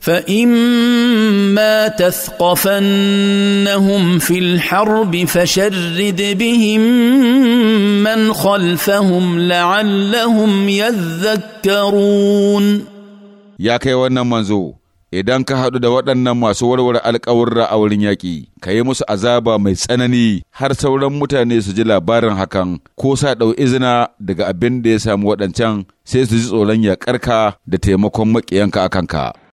فإما تثقفنهم في الحرب فشرد بهم من خلفهم لعلهم يذكرون يا كي wannan manzo idan ka haɗu da waɗannan masu warware alƙawurra a wurin yaƙi ka yi musu azaba mai tsanani har sauran mutane su ji labarin hakan ko sa ɗau izina daga abin da ya samu waɗancan sai su ji tsoron yaƙarka da taimakon maƙiyanka a kanka